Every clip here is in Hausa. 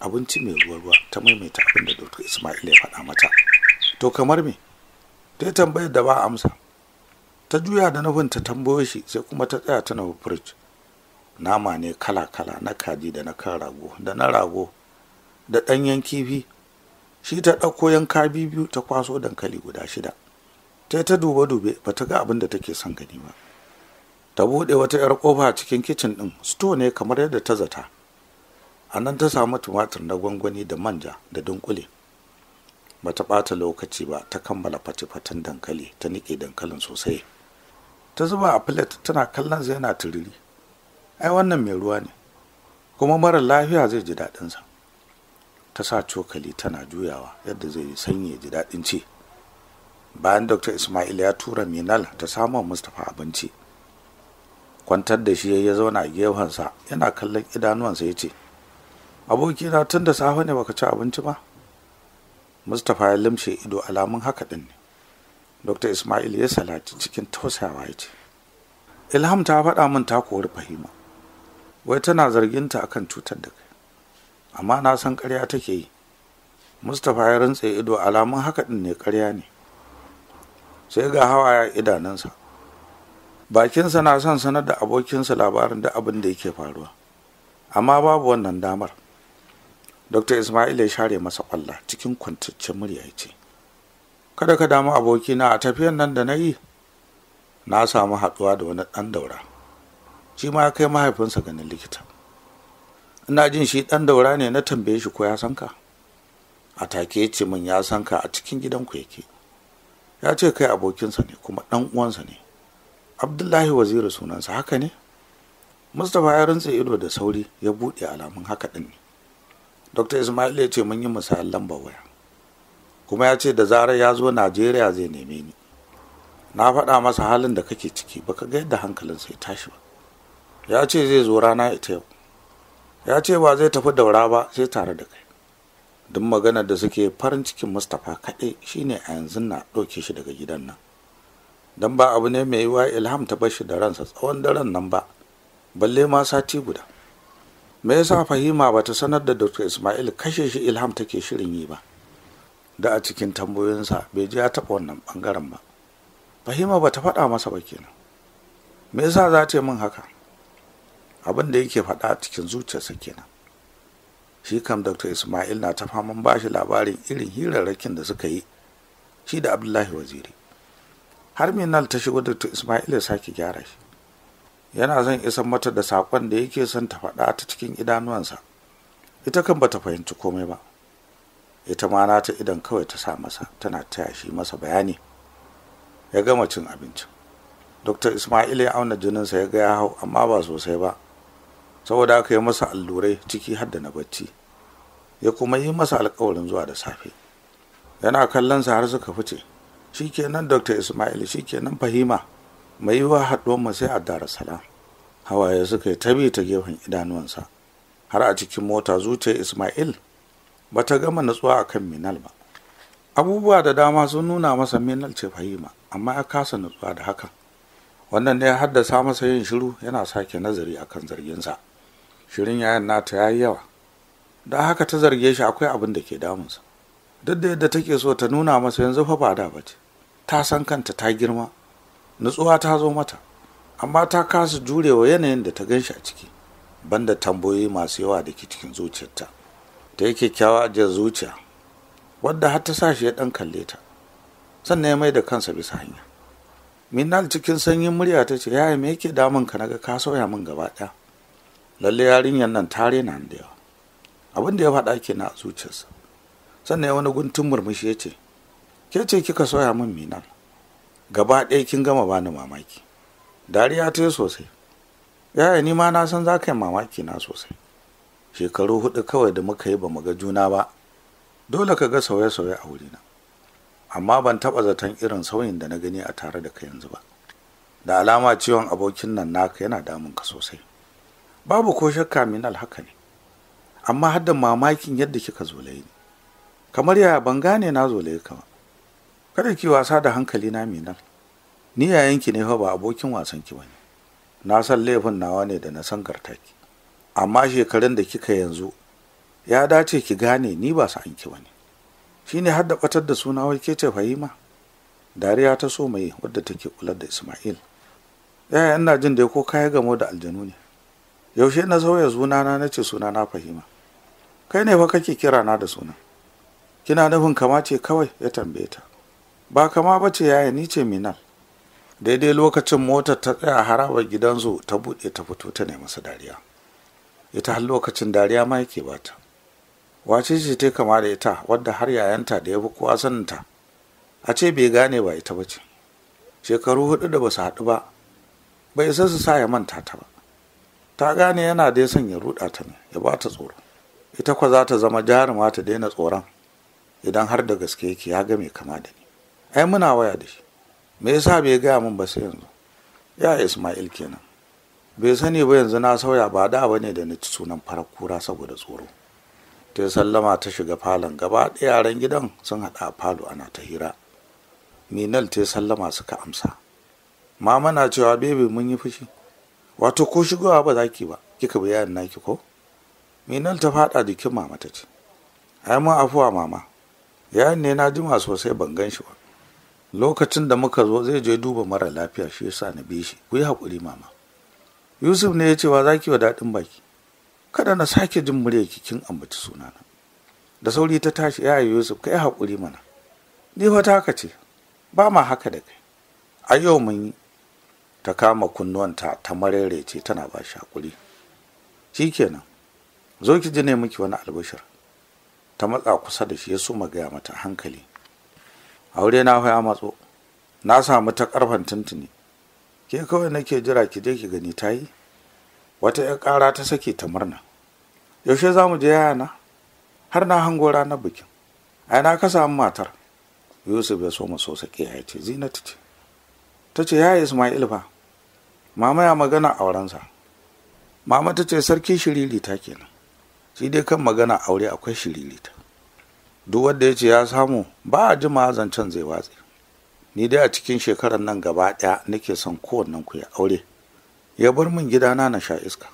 abinci mai ruwa-ruwa ta maimaita abin da dr ismail ya faɗa mata to kamar me ta tambayar da ba amsa ta juya da nufin ta tambayo shi sai kuma ta tsaya ta firij nama ne kala-kala na kaji da na kan rago da na rago da ɗanyen kifi shi ta ɗauko yanka biyu ta kwaso dankali guda shida ta ta duba dube ba ta ga abin da take son gani ba ta buɗe wata 'yar ƙofa cikin kicin ɗin sto ne kamar yadda ta zata a nan ta samu tumatir na gwangwani da manja da dunkule ba ta ɓata lokaci ba ta kammala fatifatan dankali ta niƙe dankalin sosai ta zuba a filet tana kallon zai yana turiri ai wannan mai ruwa ne kuma mara lafiya zai ji daɗinsa ta sa cokali tana juyawa yadda zai sanya ji daɗin ce bayan dr ismail ya tura minal ta samun mustapha abinci kwantar da shi ya zauna a gefensa yana kallon idanuwansa ya ce abokina tun da safe ne baka ci abinci ba mustapha ya limshe ido alamun haka din ne dr ismail ya salati cikin tausayawa ya ce ilham ta faɗa min ta kori fahima wai tana zarginta akan cutar da kai amma na san ƙarya take yi mustapha ya rantse ido alamun haka din ne ƙarya ne sai ga hawa hawaya idanunsa bakinsa na son sanar da abokinsa labarin da abin da yake faruwa amma babu wannan damar dr ismail ya share masa kwalla cikin kwantaccen murya ya ce kada ka damu abokina a tafiyan nan da na yi na samu haɗuwa da wani ɗan daura shi ma ya kai mahaifinsa ganin likita ina jin shi ɗan daura ne na tambaye shi ko ya san ka a take ya ce min ya san ka a cikin gidanku yake ya ce kai abokinsa ne kuma ɗan uwansa ne abdullahi waziri sunansa haka ne mustapha ya rintse ido da sauri ya buɗe alamun haka ɗin ne dr ismail ya ce mun yi misalan lambar waya kuma ya ce da zarar ya zo najeriya zai neme ni na faɗa masa halin da kake ciki baka ga yadda hankalin ya tashi ba ya ce zai zo rana ita yau ya ce ba zai tafi daura ba sai tare da kai duk maganar da suke farin cikin mustapha kaɗai shine a yanzu na ɗauke shi daga gidan nan don ba abu ne mai yiwa ilham ta bar shi da ransa tsawon daren nan ba balle ma sati guda me yasa fahima bata sanar da dr ismail kashe shi ilham take shirin yi ba da a cikin tambayoyinsa bai ji ya taɓa wannan ɓangaren ba fahima bata faɗa masa ba kenan me yasa za ta yi min haka abin da yake faɗa a cikin zuciyarsa kenan shi kam dr ismail na ta faman ba shi labarin irin hirarrakin da suka yi shi da abdullahi waziri har minal ta shigo dr ismail ya sake gyara shi yana zan isa mata da saƙon da yake son ta faɗa ta cikin idanuwansa ita kan bata fahimci komai ba ita ma nata idan kawai ta sa masa tana taya shi masa bayani ya gama cin abinci. dr ismail ya auna jininsa ya ga ya hau amma ba sosai ba saboda aka yi masa allurai ciki har da na bacci ya kuma yi masa alkawarin zuwa da safe yana kallonsa har suka fice shikenan dr ismail shikenan fahima mai yiwa mu sai a dara hawaye suka yi tabi ta gefen idanuwansa har a cikin mota zuciyar ismail ba ta gama natsuwa a kan minal ba abubuwa da dama sun nuna masa minal ce fahima amma ya kasa natsuwa da hakan wannan ne ya haddasa masa yin shiru yana sake nazari akan zarginsa shirin yayan nata ya yi yawa da haka ta zarge shi akwai abin da ke damunsa duk da yadda take so ta nuna masa yanzu fa ba da ba ce. ta san kanta ta girma nutsuwa ta zo mata amma ta kasa jurewa yanayin da ta gan shi a ciki banda tambayoyi masu yawa da ke cikin zuciyarta ta yi kyakkyawa a ajiyar zuciya wadda har ta sa shi ya ɗan kalle ta sannan ya mai da kansa bisa hanya minal cikin sanyin murya ta ce yaya me yake damun ka naga ka sauya min gaba ɗaya lalle yarinyar nan ta rena da yawa abin da ya faɗa kenan a zuciyarsa sannan ya wani guntun murmushi ya ce ke ce kika soya min minal gaba ɗaya kin gama bani mamaki dariya ta yi sosai yaya ni ma na san za ka yi mamaki na sosai shekaru huɗu kawai da muka yi ba mu ga juna ba dole ka ga sauye-sauye a wurina amma ban taɓa zaton irin sauyin da na gani a tare da ka yanzu ba da alama ciwon abokin nan naka yana damun ka sosai babu ko shakka min alhaka ne amma har da mamakin yadda kika zolaye ni kamar yaya ban gane na zolaye ka ba kada ki wasa da hankali na minan ni yayanki ne fa ba abokin wasan ki bane na san laifin nawa ne da na san gartaki amma shekarun da kika yanzu ya dace ki gane ni ba sa anki bane shine har da batar da suna wai ke ce fahima dariya ta so mai wadda take kula da Ismail yaya ina jin da ko kai gamo da aljanu ne yaushe na sauya sunana na suna na fahima kai ne fa kake kira na da suna kina nufin kamace kawai ya tambaye ta ba kama ba ce yaya ni ce minan daidai lokacin motar ta tsaya harabar gidansu ta buɗe ta fito ta nemi masa dariya ita har lokacin dariya ma yake bata wace ce ta kama da ita wadda har yayanta da ya fi kowa saninta a ce bai gane ba ita bace shekaru hudu da basu haɗu ba bai isa su sa ya manta ta ba ta gane yana da ya ruɗa ta ne ya ba ta tsoro ita kwa za ta zama jaruma ta daina tsoron idan har da gaske yake ya ga mai kama da ai muna waya da shi me yasa bai gaya min ba sai yanzu ya ismail kenan bai sani ba yanzu na sauya ba da ba ne da na ci sunan farar kura saboda tsoro ta sallama ta shiga falon gaba ɗaya yaran gidan sun haɗa falo ana ta hira minal ta sallama suka amsa mama na cewa bebe mun yi fushi wato ko shigowa ba za ki ba kika bayanin naki ko minal ta faɗa jikin mama ta ce ai mun afuwa mama yayin ne na jima sosai ban gan shi ba lokacin da muka zo zai je duba mara lafiya shi yasa na bi shi ku yi haƙuri mama yusuf ne ya ce wa zaki wa daɗin baki kada na sake jin murya kin ambaci sunana da sauri ta tashi ya yusuf ka yi haƙuri mana ni wata haka ce ba ma haka da kai a yau mun yi ta kama kunnuwanta ta marerece tana ba shi haƙuri shikenan zo ki ji ne miki wani albashar. ta matsa kusa da shi ya so gaya mata hankali aure na ya matso na samu ta karfan tuntuni ke kawai nake jira ki je ki gani tayi wata ya ƙara ta sake ta murna yaushe za mu je yana har na hango ranar bikin ai na ka samu matar yusuf ya so mu so sake ya ce zinatu ce ta ce ya ismail fa mama ya magana aurensa mama ta ce sarki shiririta kenan shi dai kan magana aure akwai shiririta duk wanda ya ce ya samu ba a jima zancen zai watse ni dai a cikin shekarar nan gaba ɗaya nake son kowannen ku ya aure ya bar min gidana na sha iska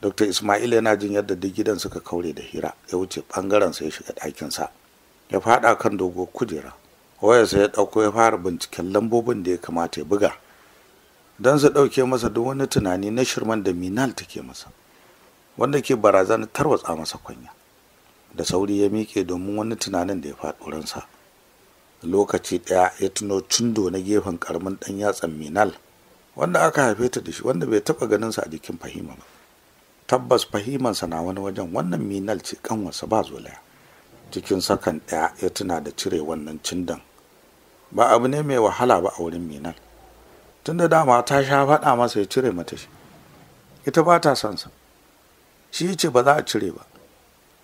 dr ismail yana jin yadda duk gidan suka kaure da hira ya wuce bangaren sa ya shiga ɗakin sa ya faɗa kan dogo kujera wayarsa ya ɗauko ya fara binciken lambobin da ya kamata ya buga don su ɗauke masa duk wani tunani na shirman da minal take masa wanda ke barazanar tarwatsa masa kwanya da sauri ya miƙe domin wani tunanin da ya faɗo ransa lokaci ɗaya ya tuno cindo na gefen ƙaramin ɗan yatsan minal wanda aka haife ta da shi wanda bai taɓa ganinsa a jikin fahima ba tabbas fahimansa na wani wajen wannan minal ce kanwarsa ba zolaya cikin sakan ɗaya ya tuna da cire wannan cindan ba abu ne mai wahala ba a wurin minal tun da dama ta sha faɗa masa ya cire mata shi ita ba ta son sa shi ce ba za a cire ba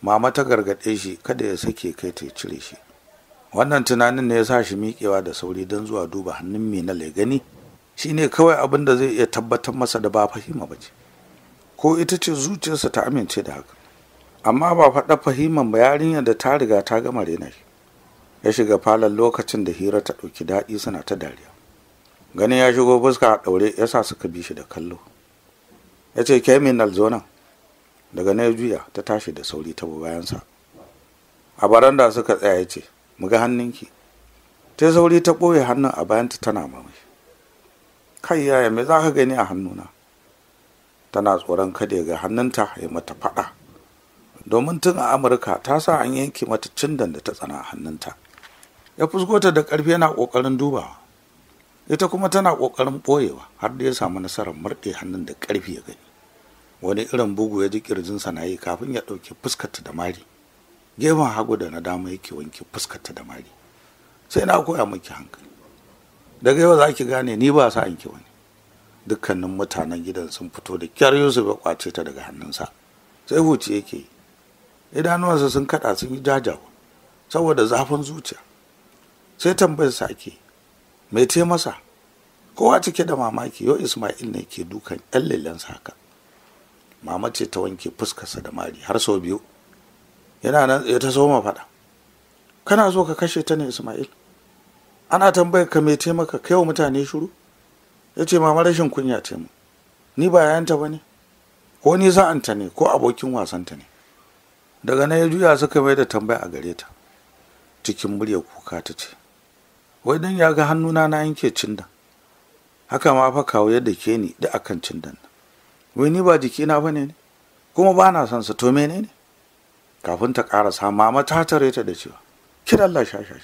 mama ta gargaɗe shi kada ya sake kai ta cire shi wannan tunanin ne ya sa shi miƙewa da sauri don zuwa duba hannun mai na gani shi ne kawai abin da zai iya tabbatar masa da ba fahima ba ce ko ita ce zuciyarsa ta amince da haka amma ba faɗa fahiman ba yarinyar da ta riga ta gama rena shi ya shiga falon lokacin da hira ta ɗauki daɗi suna ta dariya ganin ya shigo fuska a ɗaure ya sa suka bi shi da kallo ya ce keminal zo nan daga na juya ta tashi da sauri ta bayansa a baranda suka tsaya ya ce mu ga hannunki ta sauri ta ɓoye hannun a bayanta tana mamai kai yaya me za ka gani a hannuna tana tsoron kada ya ga hannunta ya mata faɗa domin tun a amurka ta sa an yanke mata cindan da ta tsana a hannunta ya fuskota da ƙarfi yana ƙoƙarin dubawa ita kuma tana ƙoƙarin ɓoyewa har da ya samu nasarar murɗe hannun da ƙarfi ya gani wani irin bugu ya ji kirjinsa na yi kafin ya ɗauki fuskarta da mari gefen hagu da na dama yake wanke fuskarta da mari sai na koya miki hankali daga yau za ki gane ni ba sa ki wani dukkanin mutanen gidan sun fito da kyar yusuf ya kwace ta daga hannunsa sai huci yake yi idanuwansa sun kaɗa sun yi jajawa saboda zafin zuciya sai tambayar sa ake mai te masa kowa cike da mamaki yau isma'il ne ke dukan yan lallansa haka mama ce ta wanke fuskarsa da mari har sau biyu yana nan ya ta soma faɗa kana so ka kashe ta ne ismail ana tambayar ka mai taimaka kai wa mutane shiru ya ce mama rashin kunya ce mu ni ba yayanta ba ne ko ni za'anta ne ko abokin wasanta ne daga nan ya juya suka mai da tambaya a gare ta cikin murya kuka ta ce wai dan ya ga hannuna na yanke cinda? haka ma fa kawo yadda ke ni da akan cindan nan wai ni ba jikina ba ne kuma ba na son sa to menene kafin ta karasa mama ta tare ta da cewa ki Allah sha sha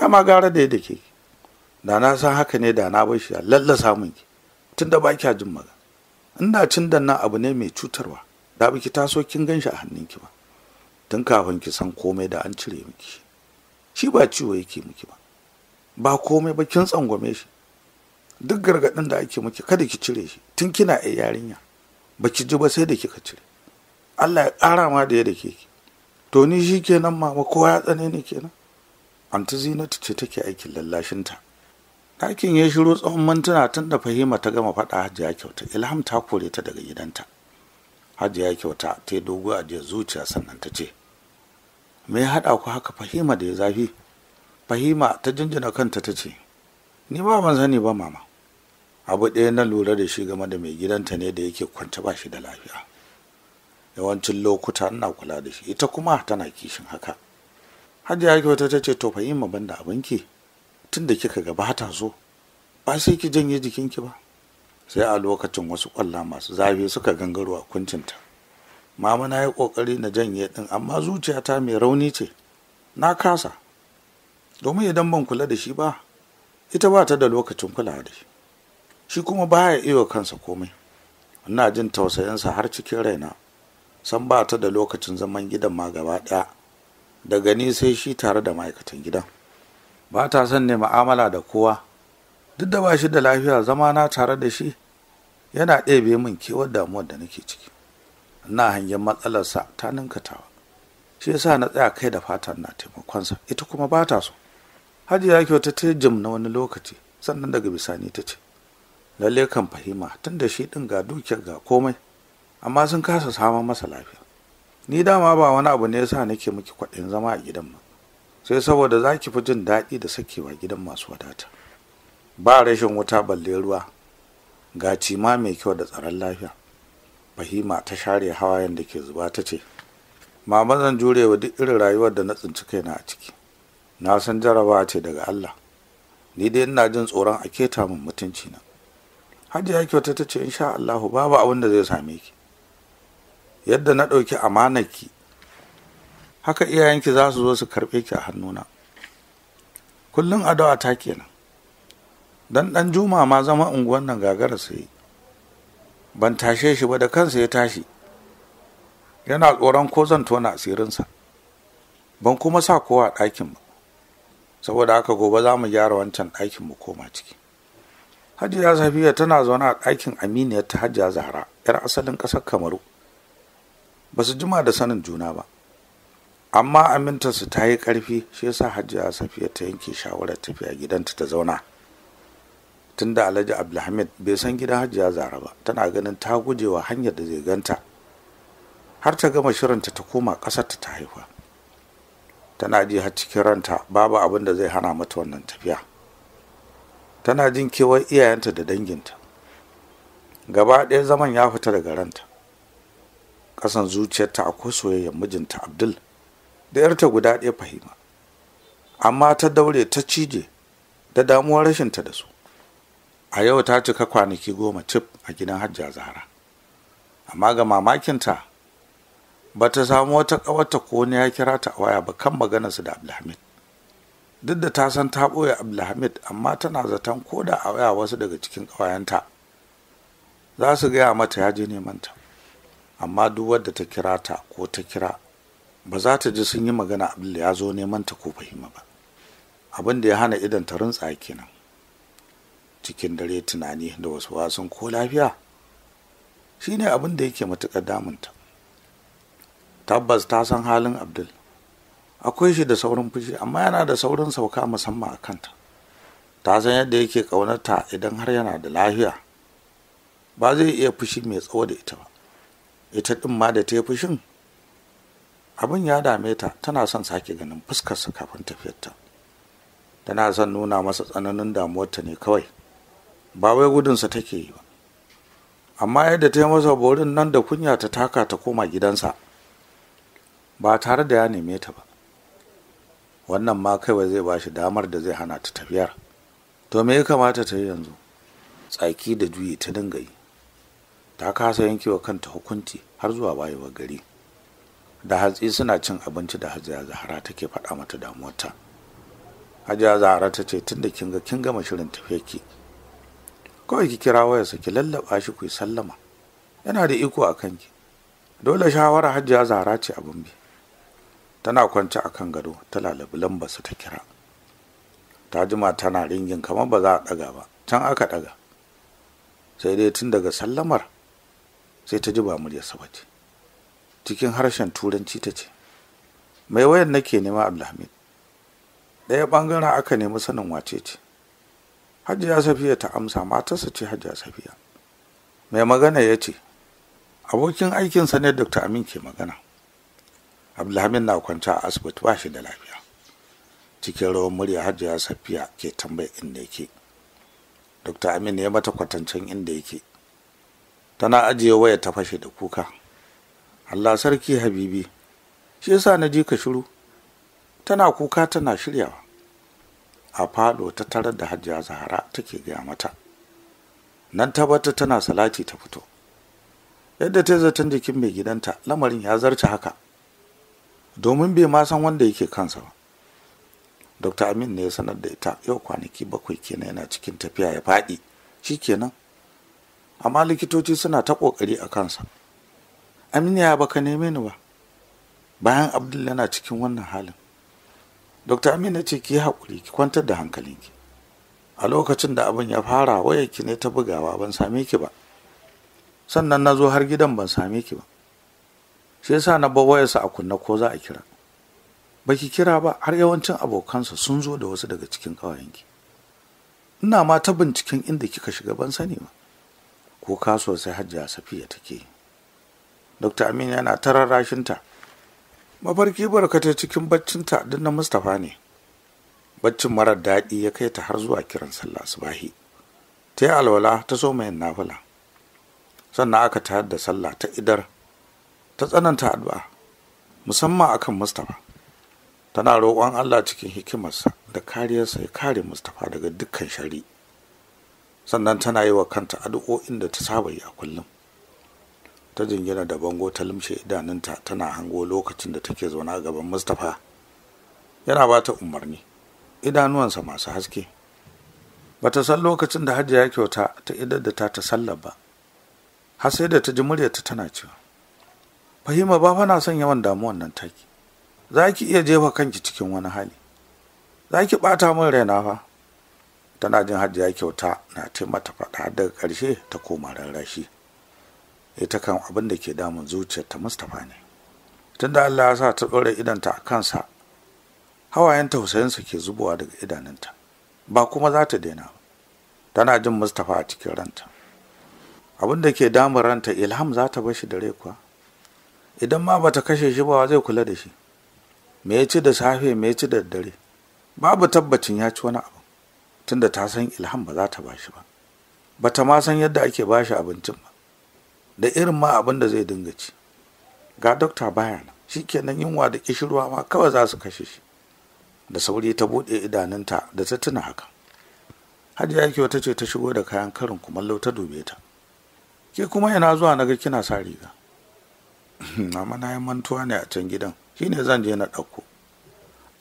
ya ma gara da yadda ke da na san haka ne da na bar shi lalla samun ki tunda ba kya jin magana ina cin da nan abu ne mai cutarwa da biki taso kin gan shi a ki ba tun kafin ki san komai da an cire miki shi ba ciwo yake miki ba ba komai ba kin tsangwame shi duk gargaɗin da ake miki kada ki cire shi tun kina a yarinya ba ki ji ba sai da kika cire Allah ya ƙara ma da ya da ke ki to ni shi kenan mama kowa ya tsane ni kenan anti zinatu ce take aikin lallashinta ɗakin ya shiro tsawon mantuna tun da fahima ta gama faɗa hajiya kyauta ilham ta kore ta daga gidanta hajiya kyauta ta yi dogo a zuciya sannan ta ce me ya haɗa ku haka fahima da ya zafi fahima ta jinjina kanta ta ce ni ba ban sani ba mama abu ɗaya na lura da shi game da mai gidanta ne da yake kwanta ba shi da lafiya yawancin lokuta ina kula da shi ita kuma tana kishin haka hajiya kyauta ta ce to fa yin maban da ki tun da kika ta so ba sai ki janye jikin ki ba sai a lokacin wasu kwalla masu zafi suka gangaro a kuncinta mama na yi kokari na janye din amma zuciyata mai rauni ce na kasa domin idan ban kula da shi ba ita ba ta da lokacin kula da shi shi kuma baya iya kansa komai ina jin tausayinsa har cikin raina san ba ta da lokacin zaman gidan ma gaba ɗaya daga ni sai shi tare da ma'aikatan gidan ba ta son ne ma'amala da kowa duk da ba shi da lafiya zama na tare da shi yana ɗebe min kewar damuwar da nake ciki ina hangen matsalarsa ta ninkatawa shi yasa na tsaya kai da fatan na taimakonsa ita kuma ba ta so hajiya kyauta ta jim na wani lokaci sannan daga bisani ta ce lalle kan fahima tun da shi ɗin ga dukiyar ga komai amma sun kasa samun masa lafiya ni dama ba wani abu ne yasa nake miki kwaɗin zama a gidan mu sai saboda za ki fi jin daɗi da sakewa gidan masu wadata ba rashin wuta balle ruwa ga cima mai kyau da tsaron lafiya fahima ta share hawayen da ke zuba ta ce mama zan jure wa duk irin rayuwar da na tsinci kaina a ciki na san jarabawa ce daga allah ni dai ina jin tsoron a keta min mutunci na hajiya kyauta ta ce insha allahu babu abin da zai same ki yadda na ɗauki amanar ki. haka iyayenki za su zo su karɓe ki a hannuna kullum addu'a ta kenan dan ɗan juma ma zama unguwan nan gagara sai ban tashe shi ba da kansa ya tashi yana tsoron ko zan tona asirinsa ban kuma sa kowa a ɗakin ba saboda haka gobe za mu gyara wancan ɗakin mu koma ciki hajiya safiya tana zaune a ɗakin aminiyar ta hajiya zahra yar asalin ƙasar kamaru ba su jima da sanin juna ba amma amintarsu ta yi ƙarfi shi yasa hajiya safiya ta yanke shawarar tafiya gidanta ta zauna tunda alhaji abdulhamid bai san gidan hajiya Zahra ba tana ganin ta gujewa hanyar da zai ganta har ta gama shirinta ta koma ƙasarta ta haifa tana ji har cikin ranta babu abin da zai hana mata wannan tafiya tana jin kewar iyayenta da danginta gaba ɗaya zaman ya fita daga ranta ƙasan zuciyarta akwai soyayyar mijinta abdul da yarta guda ɗaya fahima amma ta daure ta cije da damuwar rashinta da su a yau ta cika kwanaki goma cif a gidan hajja zahara amma ga mamakinta ba ta samu wata kawata ko wani ya kira ta a waya ba kan su da abdulhamid duk da ta san ta ɓoye abdulhamid amma tana zaton ko da a waya wasu daga cikin ƙawayenta za su gaya mata ya je neman amma duk wadda ta kira ta ko ta kira ba za ta ji sun yi magana abdul ya zo neman ko fahima ba abin da ya hana idan ta rintsa kenan cikin dare tunani da wasu wasan ko lafiya shine abin da yake matuƙar damunta tabbas ta san halin abdul akwai shi da saurin fushi amma yana da saurin sauka musamman a kanta ta san yadda yake ƙaunarta idan har yana da lafiya ba zai iya fushi mai tsawo da ita ba ita ɗin ma da ta yi fushin abin ya dame ta tana son sake ganin fuskarsa kafin tafiyarta tana son nuna masa tsananin damuwarta ne kawai ba wai gudunsa take yi ba amma yadda ta yi masa borin nan da kunya ta taka ta koma gidansa ba tare da ya neme ta ba wannan ma kaiwa zai ba shi damar da zai hana ta tafiyar to me ya kamata ta yi yanzu tsaki da juyi ta dinga yi ta kasa yankewa kanta hukunci har zuwa wayewar gari da hatsi suna cin abinci da hajiya zahara take faɗa mata damuwarta hajiya zahara ta ce tunda da kin ga kin gama shirin tafiya ki kawai ki kira wayarsa ki lallaba shi ku sallama yana da iko a kanki dole shawara hajiya zahara ce abin biyu tana kwance a kan gado ta lalabi lambarsa ta kira ta jima tana ringin kamar ba za a ɗaga ba can aka ɗaga sai dai tun daga sallamar sai ta ji ba muryarsa ba ce cikin harshen turanci ta ce mai wayan nake nema abdulhamid ɗaya ɓangaren aka nemi sanin wace ce hajiya safiya ta amsa matarsa ce hajiya safiya mai magana ya ce abokin aikinsa ne dr amin ke magana abdulhamid na kwanta a asibiti ba shi da lafiya cikin rawan murya hajiya safiya ke tambayar inda yake dr aminu ya mata kwatancen inda yake tana ajiye waya ta fashe da kuka allah sarki habibi shi yasa na ji ka shiru tana kuka tana shiryawa a falo ta tarar da hajiya zahara take gaya mata nan ta bata tana salati ta fito yadda ta zaton jikin mai gidanta lamarin ya zarce haka domin bai ma san wanda yake kansa ba dr amin ne ya sanar da ita yau kwanaki bakwai kenan yana cikin tafiya ya faɗi shi kenan amma likitoci suna ta ƙoƙari a kansa amin ya baka neme ni ba bayan abdul yana cikin wannan halin dr amin ya ce ki haƙuri ki kwantar da hankalinki a lokacin da abin ya fara wayarki ne ta bugawa ban same ki ba sannan na zo har gidan ban same ki ba shi sa na bar wayarsa a kunna ko za a kira baki kira ba har yawancin abokansa sun zo da wasu daga cikin ƙawayenki ina ma ta binciken inda kika shiga ban sani ba ko kasuwar sai hajjiya safiya take dr amin yana tarar rashinta mafarki barkata cikin baccinta din na mustapha ne baccin marar daɗi ya kai ta har zuwa kiran sallah subahi ta yi alwala ta so mai nafila sannan aka tayar da sallah ta idar ta tsananta addu'a musamman akan mustapha tana roƙon allah cikin hikimarsa da kariyarsa ya kare mustapha daga dukkan shari sannan tana yi wa kanta addu'o'in da ta saba yi a kullum ta jingina da bango ta limshe idanunta tana hango lokacin da take zauna gaban mustapha yana ba ta umarni idanuwansa masu haske ba ta san lokacin da hajiya kyauta ta idar da ta ta sallar ba har sai da ta ji muryarta tana cewa fahima ba fa na son yawan damuwan nan take za ki iya jefa kanki cikin wani hali za ki ɓata min raina fa tana jin hajiya kyauta na ce mata faɗa daga ƙarshe ta koma rarrashi ita kan abin da ke damun zuciyarta ta mustapha ne tunda allah ya sa ta ɗora idanta a kansa hawayen tausayinsa ke zubowa daga idanunta ba kuma za ta daina ba tana jin mustapha a cikin ranta abin da ke damun ranta ilham za ta bar shi da rai kuwa idan ma bata kashe shi ba zai kula da shi me ya ci da safe me ya ci da dare babu tabbacin ya ci wani abu tunda ta san ilham ba za ta ba shi ba bata ma san yadda ake ba shi abincin ba da irin ma abin da zai dinga ci ga dokta baya nan kenan yunwa da kishirwa ma kawai za su kashe shi da sauri ta buɗe idanunta da ta tuna haka hajiya kiwa ce ta shigo da kayan karin kumallo ta dube ta ke kuma yana zuwa naga kina sa riga amma na yi mantuwa ne a can gidan shi ne zan je na ɗauko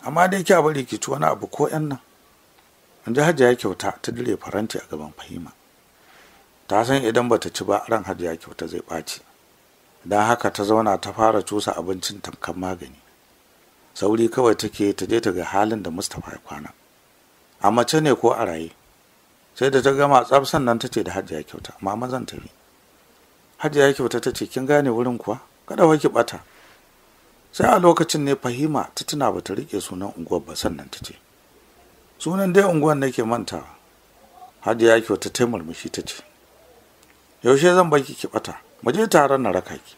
amma dai kya bari ki ci wani abu ko yan nan in ji hajiya kyauta ta dire faranti a gaban fahima ta san idan bata ci ba ran hajiya kyauta zai ɓaci don haka ta zauna ta fara cusa abincin tamkar magani sauri kawai take ta je ta ga halin da mustapha ya kwana a mace ne ko a raye sai da ta gama tsaf sannan ta ce da hajiya kyauta mama zan tafi hajiya kyauta ta ce kin gane wurin kuwa kada ki bata sai a lokacin ne fahima ta tuna ba ta rike sunan unguwar ba sannan ta ce sunan dai unguwar nake manta. hajiya kyauta ta murmushi ta ce yaushe zan baki ki bata mu je taron na raka ki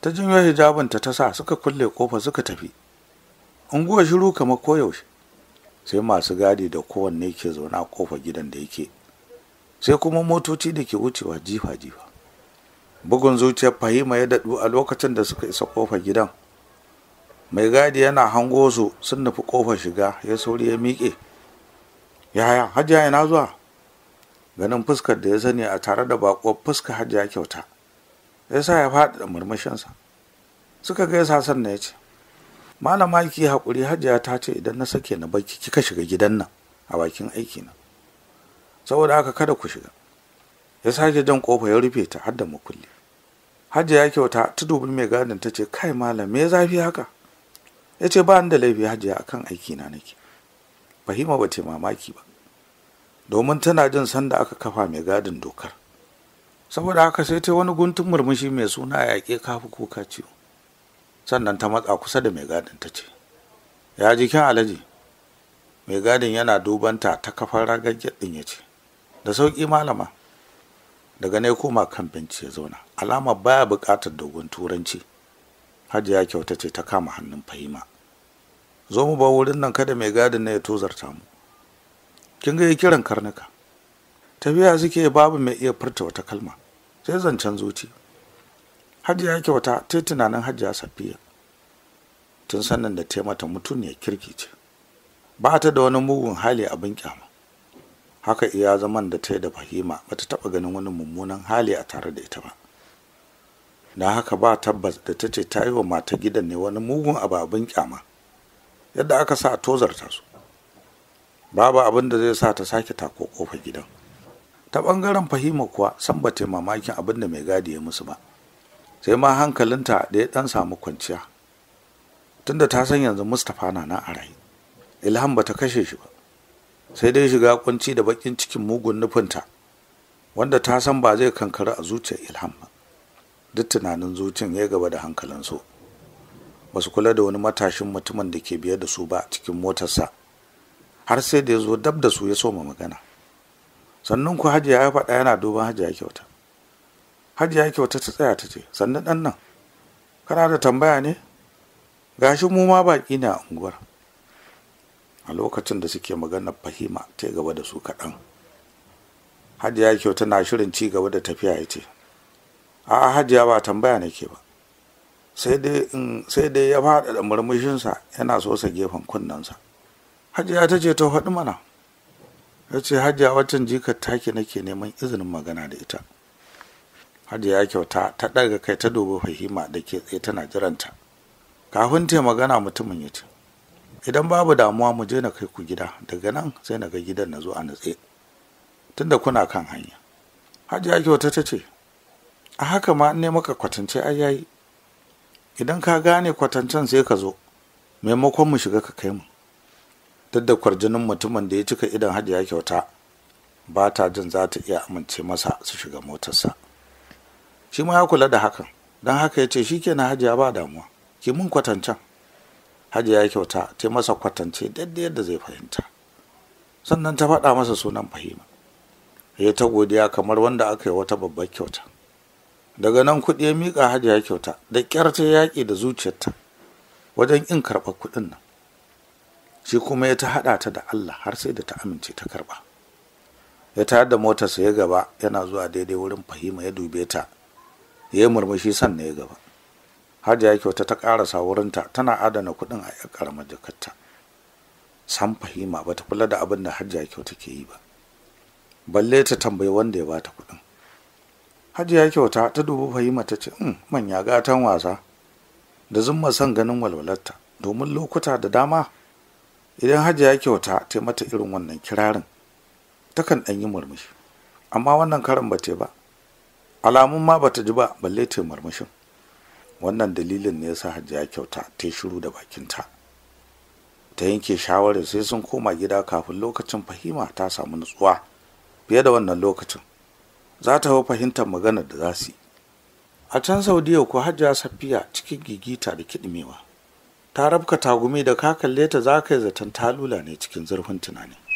ta janyo hijabinta ta sa suka kulle kofa suka tafi unguwar shiru kamar koyaushe sai masu gadi da kowanne ke zaune a kofar gidan da yake sai kuma motoci da ke wucewa jifa-jifa bugun zuciyar fahima ya daɗu a lokacin da suka isa kofar gidan mai gadi yana hango su sun nufi kofar shiga ya sauri ya miƙe yaya hajiya yana zuwa ganin fuskar da ya sani a tare da bakuwar fuska hajiya kyauta ya sa ya faɗi da murmushinsa suka gaisa sannan ya ce malama ki haƙuri hajiya ta ce idan na sake na baki kika shiga gidan nan a bakin aiki na saboda haka kada ku shiga ya sake jan kofa ya rufe ta har da makulli hajiya ya kyauta ta dubi mai gadin ta ce kai malam me zafi haka ya ce ba da laifi hajiya kan aiki na nake fahima ba ta mamaki ba domin tana jin sanda aka kafa mai gadin dokar saboda haka sai ta wani guntun murmushi mai suna a yaƙe kafi kuka ciwo sannan ta matsa kusa da mai gadin ta ce ya jikin alaji mai gadin yana dubanta ta ta kafar ragar ɗin ya ce da sauƙi malama daga ne koma kan benci ya zauna alama baya buƙatar dogon turanci hajiya kyauta ce ta kama hannun fahima zo mu ba wurin nan kada mai gadin na ya tozarta mu kin ga kiran karnuka tafiya suke babu mai iya furta wata kalma sai zancen zuci hajiya kyauta ta tunanin hajiya safiya tun sannan da ta mata ne, kirki ce ba ta da wani mugun hali abin kyama haka iya zaman da ta da fahima ba ta taɓa ganin wani mummunan hali a tare da ita ba na haka ba tabbas da ta ce ta yi wa mata gidan ne wani mugun ababin kyama yadda aka sa a tozarta su babu abin da zai sa ta sake tako kofa gidan ta ɓangaren fahima kuwa san ba ta mamakin abin da mai gadi ya musu ba sai ma hankalinta da ya dan samu kwanciya tunda ta san yanzu mustapha na nan a rai. ilham ba ta kashe shi ba sai dai shiga kunci da bakin cikin mugun nufinta wanda ta san ba zai kankara a zuciyar ilham ba duk tunanin zuciyar ya gaba da hankalinsu ba su kula da wani matashin mutumin da ke biye da su ba cikin motarsa har sai da ya zo dab da su ya so ma magana sannan ku hajiya ya faɗa yana duban hajiya kyauta hajiya kyauta ta tsaya ta ce sannan ɗan nan kana da tambaya ne gashi mu ma baƙi ne a unguwar a lokacin da suke magana fahima ta gaba da su kaɗan hajiya kyauta na shirin ci gaba da tafiya ya ce a hajiya ba tambaya ke ba sai dai ya faɗa da murmushinsa yana sosa gefen kunnensa hajiya ta ce ta faɗi mana ya ce hajiya watan jikar taki nake neman izinin magana da ita hajiya kyauta ta ɗaga kai ta dubi fahima da ke tsaye tana jiranta kafin ta magana mutumin ya ce idan babu damuwa mu je na kai ku gida daga nan sai na ga gidan na zo a natse tunda kuna kan hanya hajiya kyauta ta ce a haka ma ne maka kwatance ai yayi idan ka gane kwatancen sai ka zo maimakon mu shiga ka kai mu duk da kwarjinin mutumin da ya cika idan hajiya kyauta ba ta jin za ta iya amince masa su shiga motarsa shi ma ya kula da hakan don haka ya ce shi kenan hajiya ba damuwa ki mun kwatancen. hajiya kyauta ta masa kwatance daidai yadda zai fahimta sannan ta faɗa masa sunan fahima ya ta godiya kamar wanda aka yi wata babbar kyauta daga nan kuɗi ya miƙa hajiya kyauta da ƙyar ta yaƙi da zuciyarta wajen ƙin karɓar kuɗin nan shi kuma ya ta haɗa ta da Allah har sai da ta amince ta karɓa ya ta da motarsa ya gaba yana zuwa daidai wurin fahima ya dube ta ya yi murmushi sannan ya gaba hajiya kyauta ta ƙarasa wurinta tana adana kuɗin a ƴar ƙaramar jakarta san fahima ba ta kula da abin da hajiya kyauta ke yi ba balle ta tambayi wanda ya bata kuɗin hajiya kyauta ta dubi fahima ta ce hmm, manya gatan wasa da zumma son ganin walwalarta domin lokuta da dama idan hajiya kyauta ta mata irin wannan kirarin takan ɗan yi murmushi amma wannan karan ba ba alamun ma bata ji ba balle ta murmushin wannan dalilin ne yasa hajiya kyauta ta shiru da bakinta ta yanke shawarar sai sun koma gida kafin lokacin fahima ta samu nutsuwa fiye da wannan lokacin za ta hau fahimtar maganar da za su yi a can saudiya ko hajiya safiya cikin gigita da kiɗimewa ta rabka tagumi da ka kalle ta za ka yi zaton talula ne cikin zurfin tunani